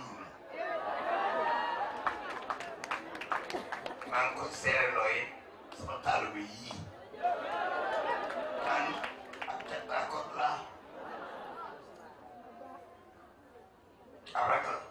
fii maa ngi koy seereloo yi sama taalibe yii man ak teg d'accord laa ab rakk la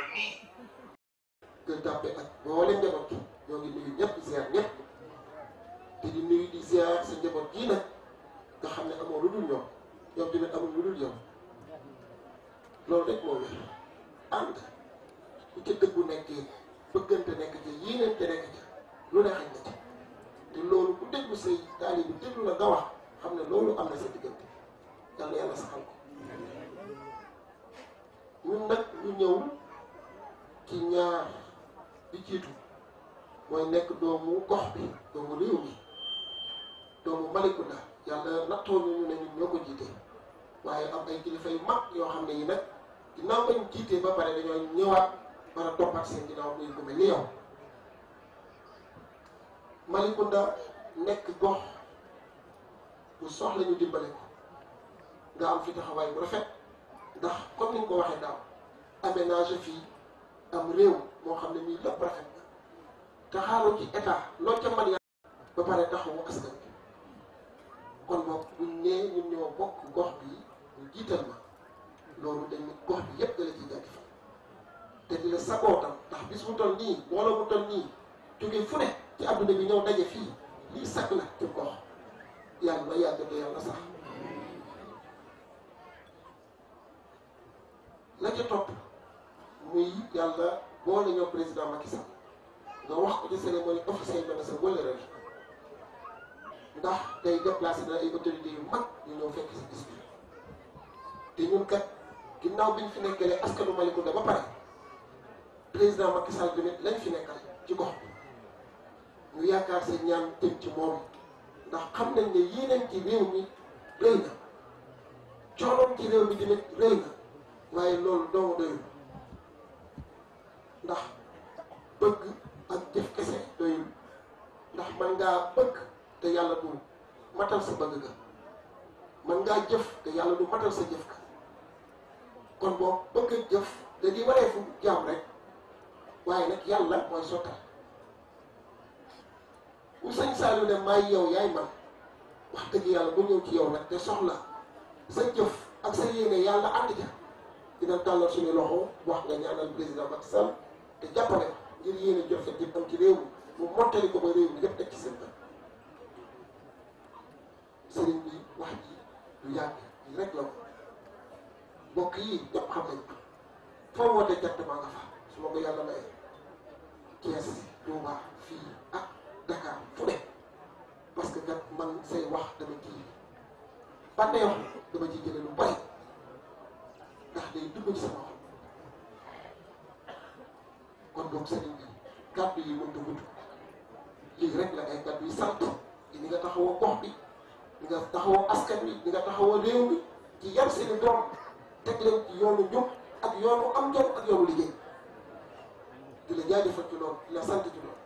toll nii. Gueule Tapée ak mboolem njaboot ñoo ngi nuyu ñëpp ziar ñëpp te di nuyu di ziar sa njaboot gii na nga xam ne amoo lu dul ñoom ñoom tamit amul lu dul ñoom loolu rek moo wér ànd ku ca dëggu nekkee bëggante nekk ca yéenante nekk ca lu ne xañ na ca te loolu ku déglu say taali bi déglu la nga wax xam ne loolu am na sa diggante yàlla yàlla saxal ko ñun nag ñu ñëw. ci ñaar di jiitu mooy nekk doomu gox bi doomu réew mi doomu Malicounda yàlla nattoo ñu ne ñun ñoo ko jiite waaye am ay kilifa yu mag yoo xam ne yi nag ginnaaw bañ jiitee ba pare dañoo ñëwaat mën a toppaat seen ginnaaw muy ko mel ni yow Malicounda nekk gox bu soxla ñu dimbale ko nga am fi taxawaay bu rafet ndax comme ni nga ko waxee daaw aménagé fii am réew moo xam ne nii lépp rafet na te xaaru ci état loo ca mën ba pare taxawu askan bi kon boog buñ nee ñun ñoo bokk gox bi ñu jiital ma loolu dañ gox bi yépp da la ciy jaajëfal te di la sagootal ndax bis bu toll nii wala bu toll nii jóge fu ne ci adduna bi ñëw daje fii lii sakk la ci gox yàlla ba yàgg te yàlla sax la ca topp muy yàlla boole ñoo président Macky Sall nga wax ko ci cérémonie officielle ba ne sa wëllëre ndax day déplacé na ay autorités yu mag ñu ñëw fekk si bis bi te ñun kat ginnaaw bi ñu fi nekkalee askanu Malicounda ba pare président Macky Sall bi lañ fi nekkal ci gox bi ñu yaakaar sa ñaan teg ci moom ndax xam nañ ne yeneen ci réew mi rëy na coonoom ci réew mi tamit rëy na waaye loolu doomu doyul. ndax bëgg ak jëf kese doyul ndax mën ngaa bëgg te yàlla du matal sa bëgg ga mën ngaa jëf te yàlla du matal sa jëf ga kon boo bëgg ak jëf da di waree fu jaam rek waaye nag yàlla mooy sottal bu sëñ Saliou ne maay yow yaay man wax dëgg yàlla bu ñëw ci yow nag te soxla sa jëf ak sa yéene yàlla ànd ja dina tàllal suñu loxo wax nga ñaanal président Macky Sall te jàppale ngir yéene jot sa jëm am ci réew mi mu mottali ko ba réew mi yëpp yi rek la ko mbokk yi ñëpp xam nañ ko foo wootee exactement nga fa su ma ko yàlla mayee Thiès Touba fii ak Dakar fu ne parce que kat man say wax dama ci bànneex dama ci jëlee lu bari ndax day dugg ci sama xol gëm sa bi kàddu yi mënut a gudd rek la ay kàddu yi sant ni nga taxawoo gox bi ni nga taxawoo aska bi ni nga taxawoo réew mi ci yar seeni doom teg leen ci yoonu njub ak yoonu am jom ak yoonu liggéey di la jaajëfal ci loolu la sant ci loolu.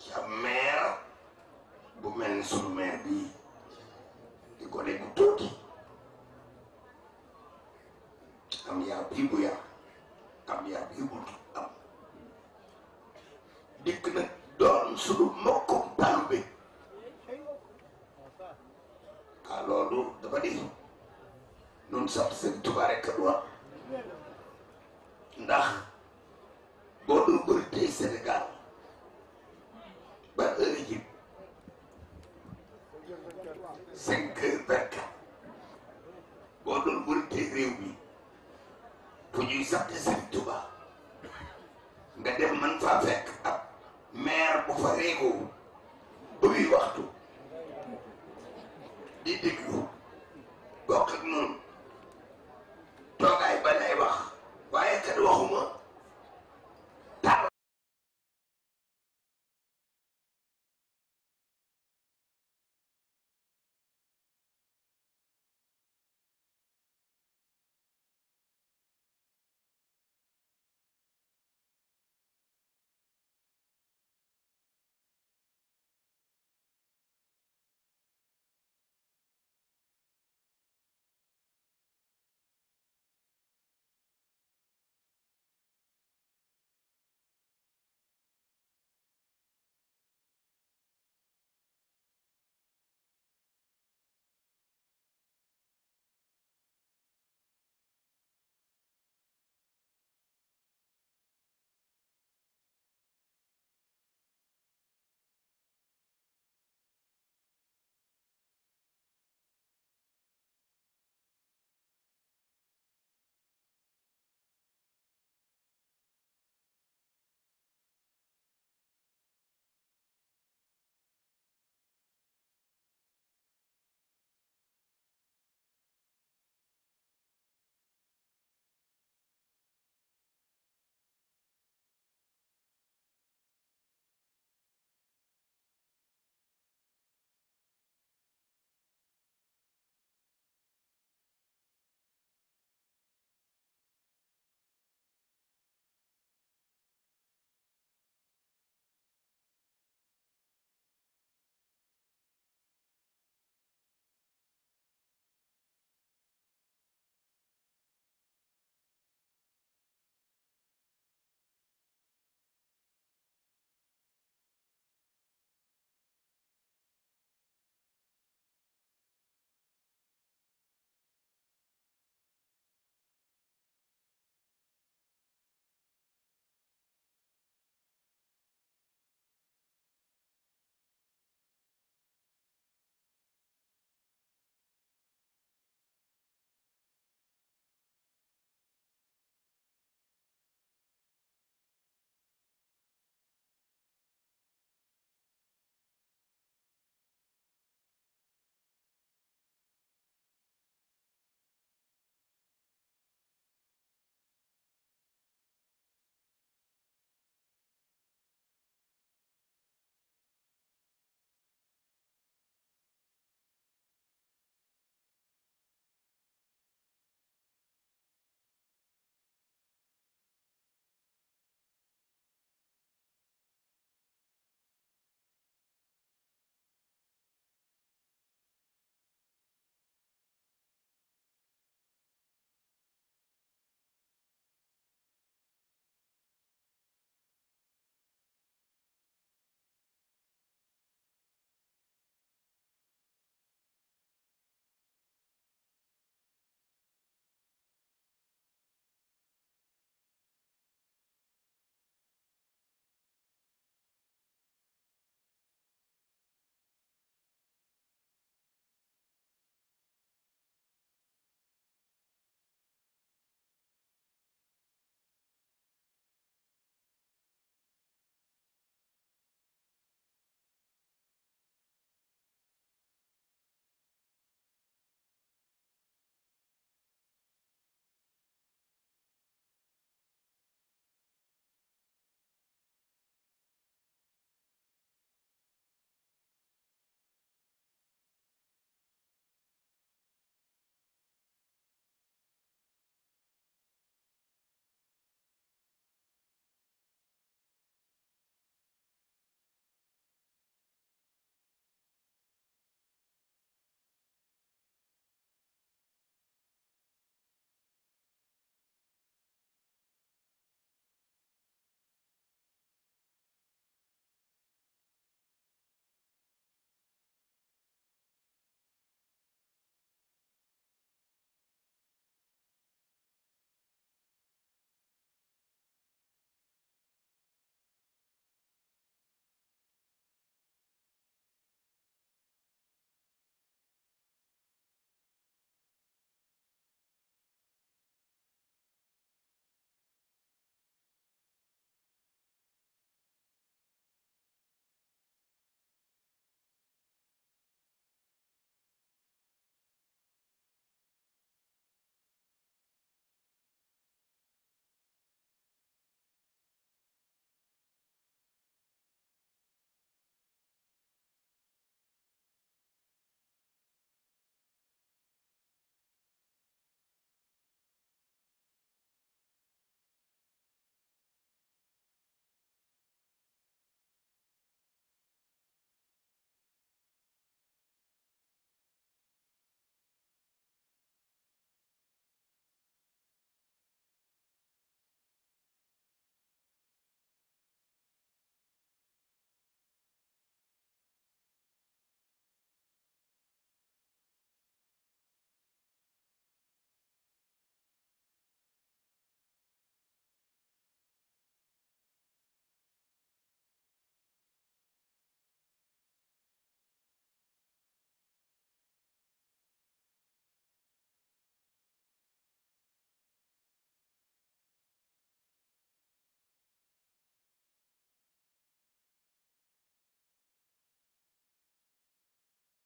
ci ab bu mel ni sunu maire bii di gone bu tuuti am yaa bii bu ndax boo doon bëri tey Sénégal ba heure yi cinq heures vingt boo doon bëri tey réew mi fu ñuy sant Serigne nga dem man faa fekk ab bu fa réegoo ba muy waxtu di dégg